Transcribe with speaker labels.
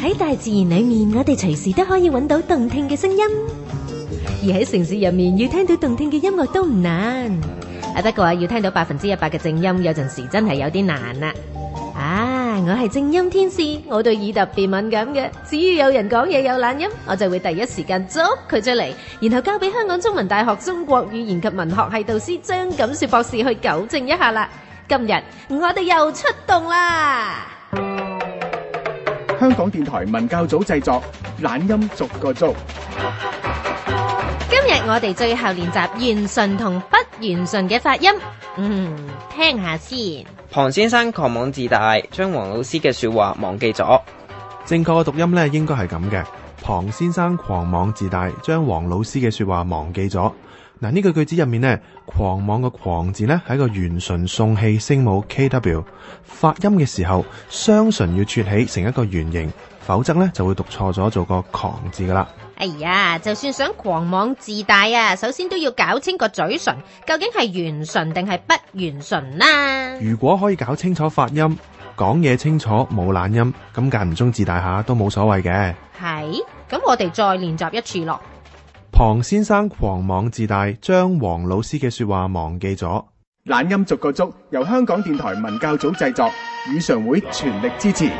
Speaker 1: 喺大自然裏面，我哋隨時都可以揾到動聽嘅聲音；而喺城市入面，要聽到動聽嘅音樂都唔難。啊，不過，要聽到百分之一百嘅正音，有陣時真係有啲難啦、啊。啊，我係正音天使，我對耳特別敏感嘅。只要有人講嘢有懶音，我就會第一時間捉佢出嚟，然後交俾香港中文大學中國語言及文學系導師張錦雪博士去糾正一下啦。今日我哋又出動啦。
Speaker 2: 香港電台文教組製作，懶音逐個捉。
Speaker 1: 今日我哋最後練習圓唇同不圓唇嘅發音。嗯，聽下先。
Speaker 3: 龐先生狂妄自大，將黃老師嘅說話忘記咗。正確嘅讀音咧，應該係咁嘅。龐先生狂妄自大，將黃老師嘅說話忘記咗。嗱呢句句子入面呢，狂妄嘅狂字呢，係一個圓唇送氣聲母 kw，發音嘅時候雙唇要啜起成一個圓形，否則呢就會讀錯咗，做個狂字噶啦。
Speaker 1: 哎呀，就算想狂妄自大啊，首先都要搞清個嘴唇究竟係圓唇定係不圓唇啦。
Speaker 3: 如果可以搞清楚發音，講嘢清楚冇懶音，咁間唔中自大下都冇所謂嘅。
Speaker 1: 係，咁我哋再練習一次咯。
Speaker 3: 唐先生狂妄自大，將黃老師嘅說話忘記咗。
Speaker 2: 懶音逐個捉，
Speaker 3: 由香港電台文教組
Speaker 2: 製作，語
Speaker 3: 常會全
Speaker 2: 力支持。